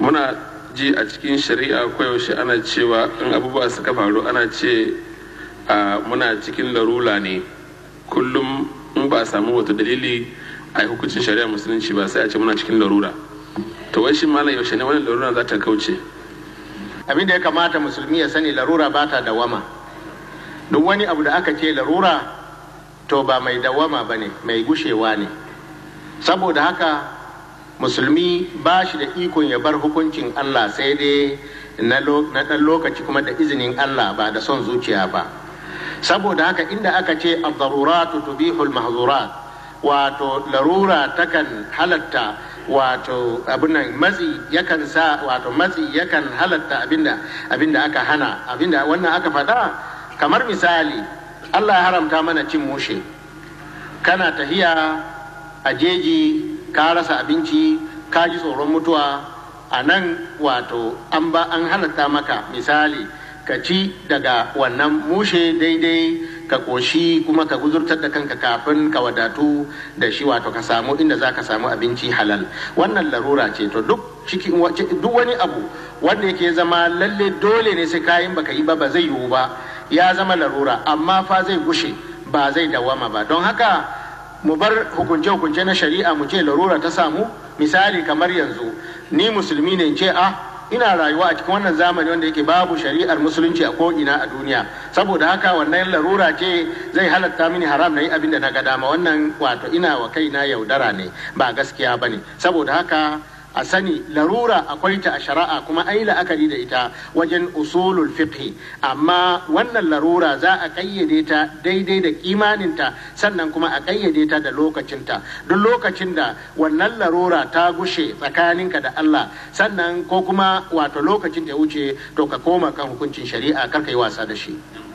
muna ji a cikin shari'a koyaushe ana cewa in abubuwa suka faru ana ce muna cikin larula ne kullum in ba a samu wata dalili a hukuncin shari'a musulunci ba sai a ce muna cikin larura to wai shi malam yaushe ne wani larura za ta kauce abin da ya kamata musulmi ya sani larura ba ta dawama duk wani abu da aka ce larura to ba mai dawama ba ne mai gushewa ne saboda haka musulmi ba shi da ikon ya bar hukuncin Allah sai dai na ɗan lokaci kuma da izinin Allah ba da son zuciya ba saboda haka inda aka ce ad-daruratu tubihul mahzurat wato larura takan halatta wato abinan matsi yakan sa wato matsi yakan halatta abinda abinda aka hana abinda wannan aka faɗa kamar misali Allah ya haramta mana cin mushe kana tahiya a jeji ka rasa abinci ka ji tsoron mutuwa a nan wato an ba an halatta maka misali ka ci daga wannan mushe daidai ka koshi kuma ka guzurtar da kanka kafin ka wadatu da shi wato ka samu inda za ka samu abinci halal wannan larura ce to duk duk wani abu wanda yake zama lalle dole ne sai kayan baka yi ba ba zai yiwu ba ya zama larura amma fa zai gushe ba zai dawama ba don haka mu bar hukunce-hukunce na shari'a mu ce larura ta samu misali kamar yanzu ni musulmi ne ce a ah, ina rayuwa a cikin wannan zamani wanda yake babu shari'ar musulunci a ko'ina a duniya saboda haka wannan larura ce zai halatta mini haram na yi abin da na ga dama wannan wato ina wa kaina yaudara ne ba gaskiya ba ne saboda haka a sani larura akwai ta a shari'a kuma ai la'akari da ita wajen usulul fiqhi amma wannan larura za a kayyade ta daidai da kimaninta sannan kuma a kayyade ta da lokacinta duk lokacin da wannan larura ta gushe tsakaninka da Allah sannan ko kuma wato lokacin da ya wuce to ka koma kan hukuncin shari'a kar ka yi wasa da shi